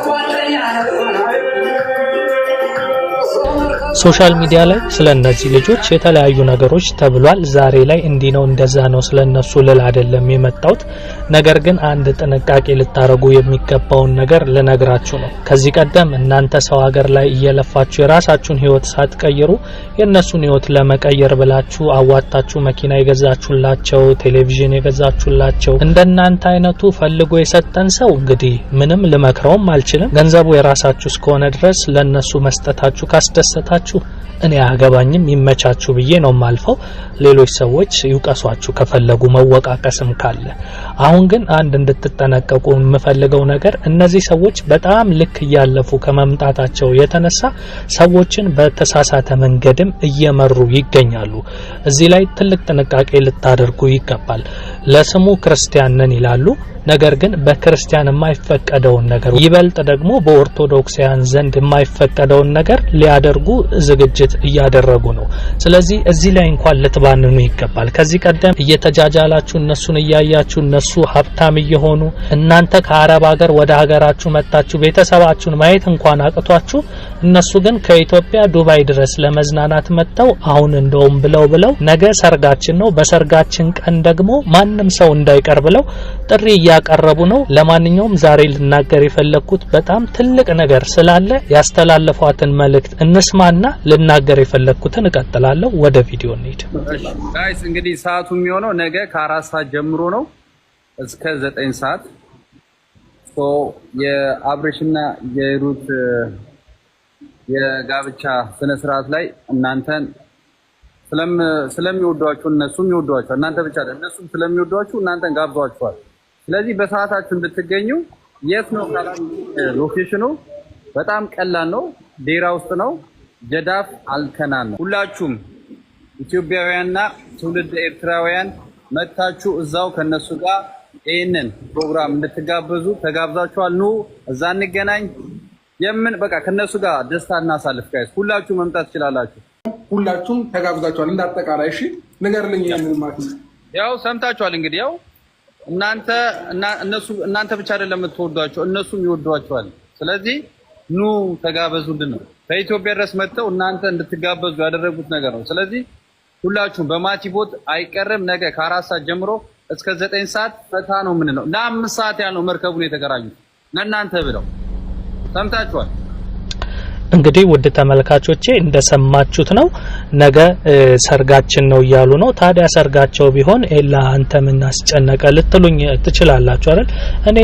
quatro ሶሻል ሚዲያ ላይ ስለ እነዚህ ልጆች የተለያዩ ነገሮች ተብሏል። ዛሬ ላይ እንዲህ ነው እንደዛ ነው ስለ እነሱ ልል አይደለም የመጣሁት። ነገር ግን አንድ ጥንቃቄ ልታደርጉ የሚገባውን ነገር ልነግራችሁ ነው። ከዚህ ቀደም እናንተ ሰው ሀገር ላይ እየለፋችሁ የራሳችሁን ሕይወት ሳትቀይሩ የእነሱን ሕይወት ለመቀየር ብላችሁ አዋጣችሁ መኪና የገዛችሁላቸው፣ ቴሌቪዥን የገዛችሁላቸው እንደናንተ አይነቱ ፈልጎ የሰጠን ሰው እንግዲህ ምንም ልመክረውም አልችልም። ገንዘቡ የራሳችሁ እስከሆነ ድረስ ለእነሱ መስጠታችሁ ካስደሰታችሁ ከፈለጋችሁ እኔ አገባኝም ይመቻችሁ ብዬ ነው ማልፈው። ሌሎች ሰዎች ይውቀሷችሁ ከፈለጉ መወቃቀስም ካለ። አሁን ግን አንድ እንድትጠነቀቁ የምፈልገው ነገር እነዚህ ሰዎች በጣም ልክ እያለፉ ከመምጣታቸው የተነሳ ሰዎችን በተሳሳተ መንገድም እየመሩ ይገኛሉ። እዚህ ላይ ትልቅ ጥንቃቄ ልታደርጉ ይገባል። ለስሙ ክርስቲያን ነን ይላሉ። ነገር ግን በክርስቲያን የማይፈቀደውን ነገር ይበልጥ ደግሞ በኦርቶዶክሳውያን ዘንድ የማይፈቀደውን ነገር ሊያደርጉ ዝግጅት እያደረጉ ነው። ስለዚህ እዚህ ላይ እንኳን ልትባንኑ ይገባል። ከዚህ ቀደም እየተጃጃላችሁ እነሱን እያያችሁ እነሱ ሀብታም እየሆኑ እናንተ ከአረብ ሀገር ወደ ሀገራችሁ መጣችሁ ቤተሰባችሁን ማየት እንኳን አቅቷችሁ እነሱ ግን ከኢትዮጵያ ዱባይ ድረስ ለመዝናናት መጥተው አሁን እንደውም ብለው ብለው ነገ ሰርጋችን ነው፣ በሰርጋችን ቀን ደግሞ ማንም ሰው እንዳይቀር ብለው ጥሪ እያቀረቡ ነው። ለማንኛውም ዛሬ ልናገር የፈለግኩት በጣም ትልቅ ነገር ስላለ ያስተላለፏትን መልእክት እንስማና ልናገር የፈለግኩትን እቀጥላለሁ። ወደ ቪዲዮ እንሂድ። ጋይስ እንግዲህ ሰዓቱ የሚሆነው ነገ ከአራት ሰዓት ጀምሮ ነው እስከ ዘጠኝ ሰዓት የአብሬሽና የሩት የጋብቻ ስነስርዓት ላይ እናንተን ስለሚወዷችሁ እነሱም ይወዷችኋል። እናንተ ብቻ እነሱም ስለሚወዷችሁ እናንተን ጋብዟችኋል። ስለዚህ በሰዓታችሁ እንድትገኙ የት ነው ካላ ሎኬሽኑ በጣም ቀላል ነው። ዴራ ውስጥ ነው። ጀዳፍ አልከናን ነው። ሁላችሁም ኢትዮጵያውያንና ትውልድ ኤርትራውያን መታችሁ እዛው ከነሱ ጋር ይህንን ፕሮግራም እንድትጋበዙ ተጋብዛችኋል። ኑ እዛ እንገናኝ። የምን በቃ ከነሱ ጋር ደስታ እናሳልፍ። ጋይስ ሁላችሁ መምጣት ትችላላችሁ። ሁላችሁም ተጋብዛችኋል። እንዳጠቃላይ እሺ፣ ንገርልኝ ምን ያው ሰምታችኋል። እንግዲህ ያው እናንተ እነሱ እናንተ ብቻ አይደለም የምትወዷቸው እነሱም ይወዷቸዋል። ስለዚህ ኑ ተጋበዙልን ነው። በኢትዮጵያ ድረስ መጥተው እናንተ እንድትጋበዙ ያደረጉት ነገር ነው። ስለዚህ ሁላችሁም በማቲቦት አይቀርም ነገ ከአራት ሰዓት ጀምሮ እስከ ዘጠኝ ሰዓት ፈታ ነው። ምን ነው ለአምስት ሰዓት ያልነው መርከቡን የተገራኙ ለእናንተ ብለው Sometimes what? እንግዲህ ውድ ተመልካቾቼ እንደሰማችሁት ነው። ነገ ሰርጋችን ነው እያሉ ነው። ታዲያ ሰርጋቸው ቢሆን ኤላ አንተ ምን አስጨነቀ ልትሉኝ ትችላላችሁ አይደል? እኔ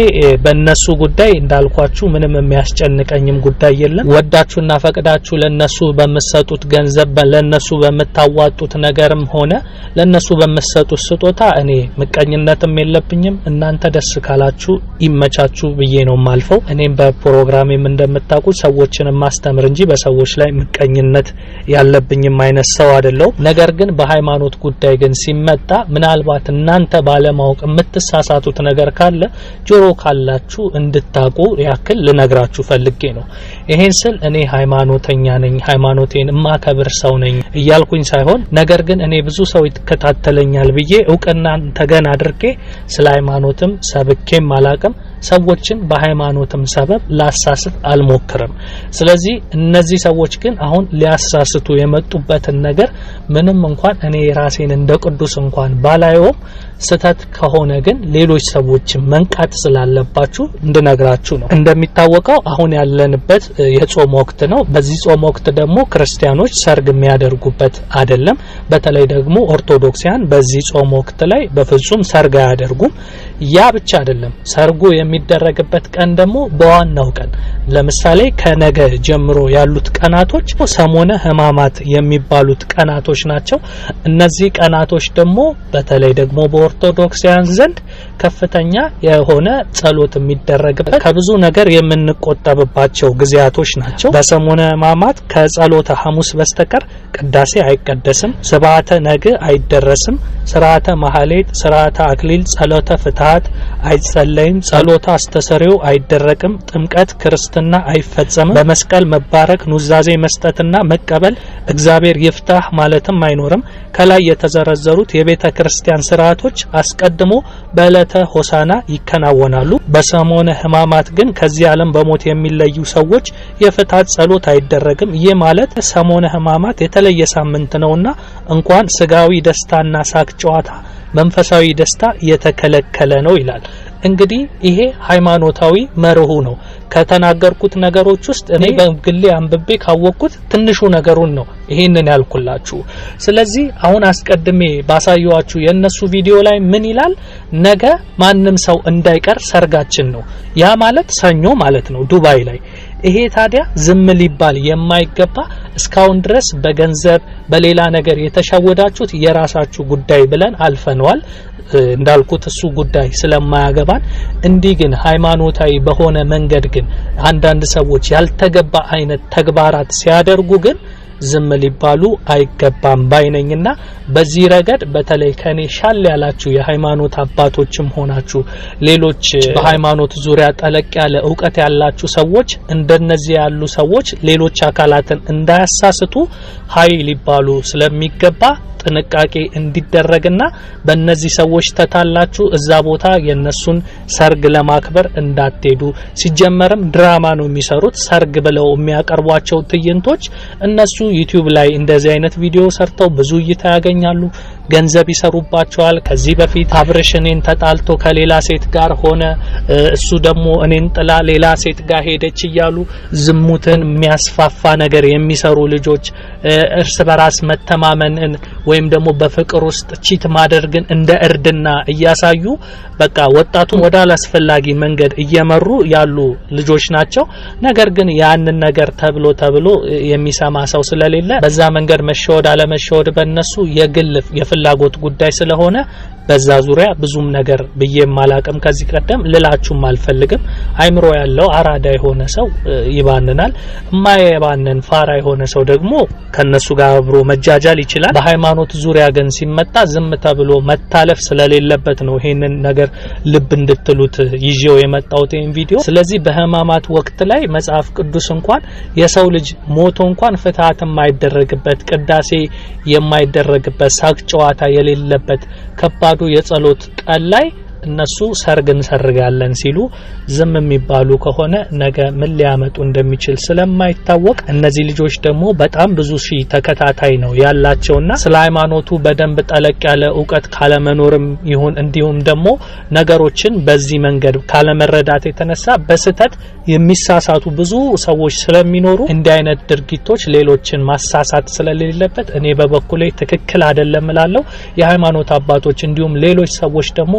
በእነሱ ጉዳይ እንዳልኳችሁ ምንም የሚያስጨንቀኝም ጉዳይ የለም። ወዳችሁና ፈቅዳችሁ ለነሱ በምትሰጡት ገንዘብ፣ ለነሱ በምታዋጡት ነገርም ሆነ ለነሱ በምትሰጡት ስጦታ እኔ ምቀኝነትም የለብኝም። እናንተ ደስ ካላችሁ ይመቻችሁ ብዬ ነው ማልፈው። እኔም በፕሮግራሜም እንደምታውቁት ሰዎችን ማስተ ማስተምር እንጂ በሰዎች ላይ ምቀኝነት ያለብኝም አይነት ሰው አይደለሁም። ነገር ግን በሃይማኖት ጉዳይ ግን ሲመጣ ምናልባት እናንተ ባለማወቅ የምትሳሳቱት ነገር ካለ ጆሮ ካላችሁ እንድታቁ ያክል ልነግራችሁ ፈልጌ ነው። ይሄን ስል እኔ ሃይማኖተኛ ነኝ፣ ሃይማኖቴን እማከብር ሰው ነኝ እያልኩኝ ሳይሆን ነገር ግን እኔ ብዙ ሰው ይከታተለኛል ብዬ እውቅና ተገን አድርጌ ስለ ሃይማኖትም ሰብኬም አላቅም። ሰዎችን በሃይማኖትም ሰበብ ላሳስት አልሞክርም። ስለዚህ እነዚህ ሰዎች ግን አሁን ሊያሳስቱ የመጡበትን ነገር ምንም እንኳን እኔ ራሴን እንደ ቅዱስ እንኳን ባላየውም ስተት ከሆነ ግን ሌሎች ሰዎችን መንቃት ስላለባችሁ እንድነግራችሁ ነው። እንደሚታወቀው አሁን ያለንበት የጾም ወቅት ነው። በዚህ ጾም ወቅት ደግሞ ክርስቲያኖች ሰርግ የሚያደርጉበት አይደለም። በተለይ ደግሞ ኦርቶዶክሲያን በዚህ ጾም ወቅት ላይ በፍጹም ሰርግ አያደርጉም። ያ ብቻ አይደለም። ሰርጉ የሚደረግበት ቀን ደግሞ በዋናው ቀን ለምሳሌ ከነገ ጀምሮ ያሉት ቀናቶች ሰሞነ ህማማት የሚባሉት ቀናቶች ናቸው። እነዚህ ቀናቶች ደግሞ በተለይ ደግሞ በኦርቶዶክሳውያን ዘንድ ከፍተኛ የሆነ ጸሎት የሚደረግበት ከብዙ ነገር የምንቆጠብባቸው ጊዜያቶች ናቸው። በሰሞነ ህማማት ከጸሎተ ሐሙስ በስተቀር ቅዳሴ አይቀደስም፣ ስብዓተ ነግ አይደረስም። ስርዓተ ማህሌት፣ ስርዓተ አክሊል፣ ጸሎተ ፍትሃት አይጸለይም። ጸሎተ አስተሰሪው አይደረቅም። ጥምቀት፣ ክርስትና አይፈጸምም። በመስቀል መባረክ፣ ኑዛዜ መስጠትና መቀበል፣ እግዚአብሔር ይፍታህ ማለትም አይኖርም። ከላይ የተዘረዘሩት የቤተ ክርስቲያን ስርዓቶች አስቀድሞ በእለተ ሆሳና ይከናወናሉ። በሰሞነ ህማማት ግን ከዚህ ዓለም በሞት የሚለዩ ሰዎች የፍትሃት ጸሎት አይደረግም። ይህ ማለት ሰሞነ ህማማት የተለየ ሳምንት ነውና እንኳን ስጋዊ ደስታና ሳክት ጨዋታ፣ መንፈሳዊ ደስታ የተከለከለ ነው ይላል። እንግዲህ ይሄ ሃይማኖታዊ መርሁ ነው። ከተናገርኩት ነገሮች ውስጥ እኔ በግሌ አንብቤ ካወቅኩት ትንሹ ነገሩን ነው ይሄንን ያልኩላችሁ። ስለዚህ አሁን አስቀድሜ ባሳየዋችሁ የእነሱ ቪዲዮ ላይ ምን ይላል? ነገ ማንም ሰው እንዳይቀር ሰርጋችን ነው። ያ ማለት ሰኞ ማለት ነው ዱባይ ላይ ይሄ ታዲያ ዝም ሊባል የማይገባ እስካሁን ድረስ በገንዘብ በሌላ ነገር የተሸወዳችሁት የራሳችሁ ጉዳይ ብለን አልፈነዋል። እንዳልኩት እሱ ጉዳይ ስለማያገባን፣ እንዲህ ግን ሃይማኖታዊ በሆነ መንገድ ግን አንዳንድ ሰዎች ያልተገባ አይነት ተግባራት ሲያደርጉ ግን ዝም ሊባሉ አይገባም ባይነኝና በዚህ ረገድ በተለይ ከኔ ሻል ያላችሁ የሃይማኖት አባቶችም ሆናችሁ ሌሎች በሃይማኖት ዙሪያ ጠለቅ ያለ እውቀት ያላችሁ ሰዎች እንደነዚህ ያሉ ሰዎች ሌሎች አካላትን እንዳያሳስቱ ሀይ ሊባሉ ስለሚገባ ጥንቃቄ እንዲደረግና በእነዚህ ሰዎች ተታላችሁ እዛ ቦታ የነሱን ሰርግ ለማክበር እንዳትሄዱ። ሲጀመርም ድራማ ነው የሚሰሩት። ሰርግ ብለው የሚያቀርቧቸው ትዕይንቶች እነሱ ዩቲዩብ ላይ እንደዚህ አይነት ቪዲዮ ሰርተው ብዙ እይታ ያገኛሉ። ገንዘብ ይሰሩባቸዋል። ከዚህ በፊት አብርሽ እኔን ተጣልቶ ከሌላ ሴት ጋር ሆነ፣ እሱ ደግሞ እኔን ጥላ ሌላ ሴት ጋር ሄደች እያሉ ዝሙትን የሚያስፋፋ ነገር የሚሰሩ ልጆች እርስ በራስ መተማመንን ወይም ደግሞ በፍቅር ውስጥ ቺት ማደርግን እንደ እርድና እያሳዩ በቃ ወጣቱን ወደ አላስፈላጊ መንገድ እየመሩ ያሉ ልጆች ናቸው። ነገር ግን ያንን ነገር ተብሎ ተብሎ የሚሰማ ሰው ስለሌለ በዛ መንገድ መሸወድ አለመሸወድ በእነሱ የግል የፍላጎት ጉዳይ ስለሆነ በዛ ዙሪያ ብዙም ነገር ብዬ ማላቅም ከዚህ ቀደም ልላችሁም አልፈልግም። አይምሮ ያለው አራዳ የሆነ ሰው ይባንናል። እማይባንን ፋራ የሆነ ሰው ደግሞ ከነሱ ጋር አብሮ መጃጃል ይችላል። በሃይማኖት ዙሪያ ግን ሲመጣ ዝም ተብሎ መታለፍ ስለሌለበት ነው ይሄንን ነገር ልብ እንድትሉት ይዤው የመጣሁት ይህን ቪዲዮ። ስለዚህ በህማማት ወቅት ላይ መጽሐፍ ቅዱስ እንኳን የሰው ልጅ ሞቶ እንኳን ፍትሃት የማይደረግበት ቅዳሴ የማይደረግበት ሳቅ ጨዋታ የሌለበት ከባድ ረፋዱ የጸሎት ቀን ላይ እነሱ ሰርግ እንሰርጋለን ሲሉ ዝም የሚባሉ ከሆነ ነገ ምን ሊያመጡ እንደሚችል ስለማይታወቅ እነዚህ ልጆች ደግሞ በጣም ብዙ ሺ ተከታታይ ነው ያላቸውና ስለ ሃይማኖቱ በደንብ ጠለቅ ያለ እውቀት ካለመኖርም ይሁን እንዲሁም ደግሞ ነገሮችን በዚህ መንገድ ካለመረዳት የተነሳ በስህተት የሚሳሳቱ ብዙ ሰዎች ስለሚኖሩ እንዲህ አይነት ድርጊቶች ሌሎችን ማሳሳት ስለሌለበት እኔ በበኩሌ ትክክል አይደለም እላለሁ። የሃይማኖት አባቶች እንዲሁም ሌሎች ሰዎች ደግሞ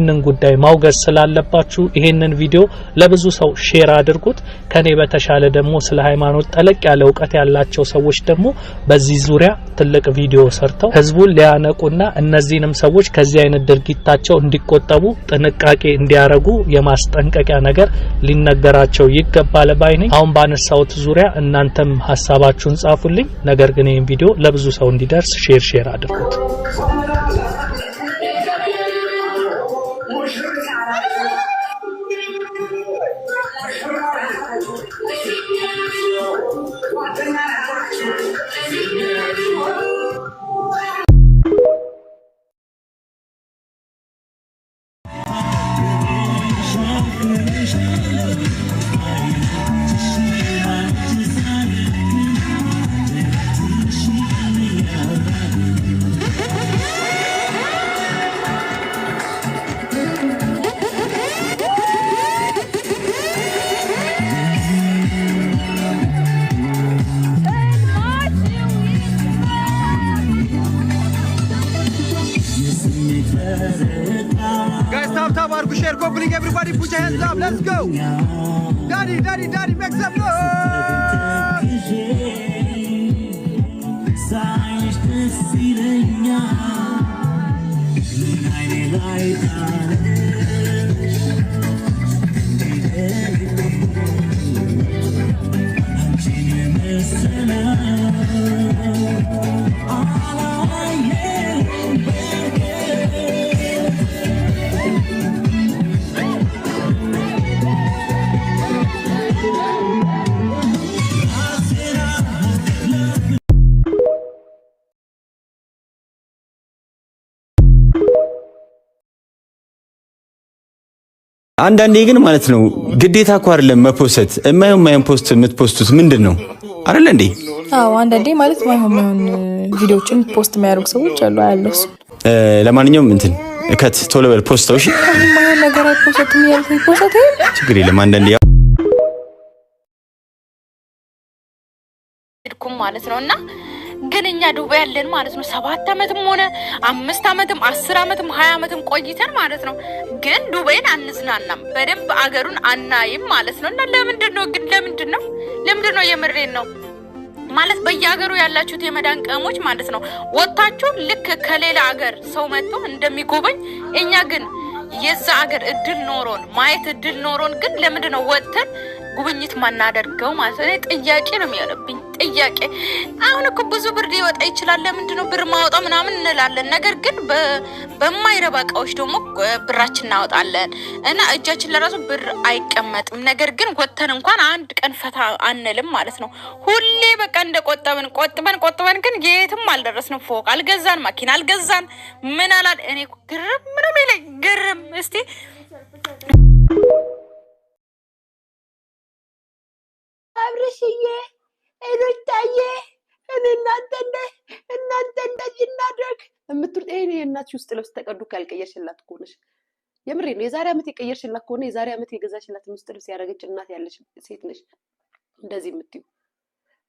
ይሄንን ጉዳይ ማውገዝ ስላለባችሁ ይህንን ቪዲዮ ለብዙ ሰው ሼር አድርጉት። ከኔ በተሻለ ደግሞ ስለ ሃይማኖት ጠለቅ ያለ እውቀት ያላቸው ሰዎች ደግሞ በዚህ ዙሪያ ትልቅ ቪዲዮ ሰርተው ህዝቡን ሊያነቁና እነዚህንም ሰዎች ከዚህ አይነት ድርጊታቸው እንዲቆጠቡ ጥንቃቄ እንዲያረጉ የማስጠንቀቂያ ነገር ሊነገራቸው ይገባል ባይ ነኝ። አሁን ባነሳውት ዙሪያ እናንተም ሀሳባችሁን ጻፉልኝ። ነገር ግን ይህን ቪዲዮ ለብዙ ሰው እንዲደርስ ሼር ሼር አድርጉት። Thank you. hands up. Let's go. Daddy, daddy, daddy, make some noise. አንዳንዴ ግን ማለት ነው ግዴታ እኮ አይደለም መፖሰት እማየውን ማየን ፖስት የምትፖስቱት ምንድን ነው አይደለ እንዴ? አዎ አንዳንዴ ማለት ማይሆን ቪዲዮዎችን ፖስት የሚያደርጉ ሰዎች አሉ አያለሁ። ለማንኛውም እንትን እከት ቶሎ በል ፖስተው። እሺ ማይሆን ነገር አይፖስት የሚያልፍ ፖስት ችግር የለም አንዳንዴ ያው ማለት ነው እና ግን እኛ ዱባይ ያለን ማለት ነው ሰባት ዓመትም ሆነ አምስት ዓመትም አስር ዓመትም ሀያ ዓመትም ቆይተን ማለት ነው። ግን ዱባይን አንዝናናም፣ በደንብ አገሩን አናይም ማለት ነው። እና ለምንድን ነው ግን ለምንድን ነው ለምንድን ነው የምሬን ነው ማለት በየሀገሩ ያላችሁት የመዳን ቀሞች ማለት ነው ወጥታችሁ ልክ ከሌላ ሀገር ሰው መጥቶ እንደሚጎበኝ እኛ ግን የዛ ሀገር እድል ኖሮን ማየት እድል ኖሮን ግን ለምንድን ነው ወጥተን ጉብኝት ማናደርገው ማለት ነው። ጥያቄ ነው የሚሆንብኝ። ጥያቄ። አሁን እኮ ብዙ ብር ሊወጣ ይችላል። ለምንድን ነው ብር ማወጣው ምናምን እንላለን። ነገር ግን በማይረባ እቃዎች ደግሞ ብራችን እናወጣለን እና እጃችን ለራሱ ብር አይቀመጥም። ነገር ግን ወተን እንኳን አንድ ቀን ፈታ አንልም ማለት ነው። ሁሌ በቃ እንደ ቆጠብን ቆጥበን ቆጥበን ግን የትም አልደረስንም። ፎቅ አልገዛን፣ መኪና አልገዛን። ምን አላል እኔ ግርም ምንም ይለኝ ግርም እስቲ አብረሽዬ ሄሎታዬ እኔ እናንተ እንደ እናንተ እንደዚህ እናድርግ የምትሉት ይሄ የእናትሽ ውስጥ ልብስ ተቀዱ ካልቀየርሽላት ከሆነሽ የምሬ ነው። የዛሬ ዓመት የቀየርሽላት ከሆነ የዛሬ ዓመት የገዛሽላትን ውስጥ ልብስ ያደረገች እናት ያለች ሴት ነች። እንደዚህ የምትዩ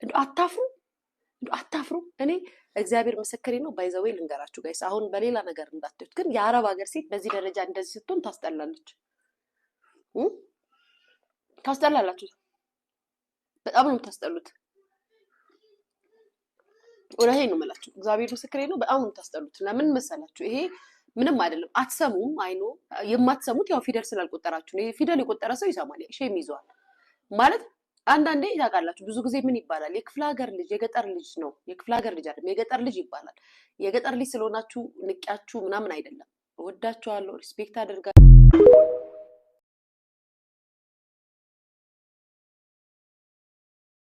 እንዶ አታፍሩ፣ እንዶ አታፍሩ። እኔ እግዚአብሔር ምስክሬ ነው። ባይዘወይ ልንገራችሁ ጋይስ፣ አሁን በሌላ ነገር እንዳትዩት፣ ግን የአረብ ሀገር ሴት በዚህ ደረጃ እንደዚህ ስትሆን ታስጠላለች፣ ታስጠላላችሁ። በጣም ነው የምታስጠሉት። እውነቴን ነው የምላችሁ፣ እግዚአብሔር ምስክሬ ነው። በጣም የምታስጠሉት ለምን መሰላችሁ? ይሄ ምንም አይደለም፣ አትሰሙም። አይኖ የማትሰሙት ያው ፊደል ስላልቆጠራችሁ ነው። ፊደል የቆጠረ ሰው ይሰማል፣ ሼም ይዘዋል ማለት አንዳንዴ ታውቃላችሁ፣ ብዙ ጊዜ ምን ይባላል? የክፍለ ሀገር ልጅ የገጠር ልጅ ነው። የክፍለ ሀገር ልጅ አይደለም፣ የገጠር ልጅ ይባላል። የገጠር ልጅ ስለሆናችሁ ንቂያችሁ ምናምን አይደለም። እወዳችኋለሁ፣ ሪስፔክት አድርጋ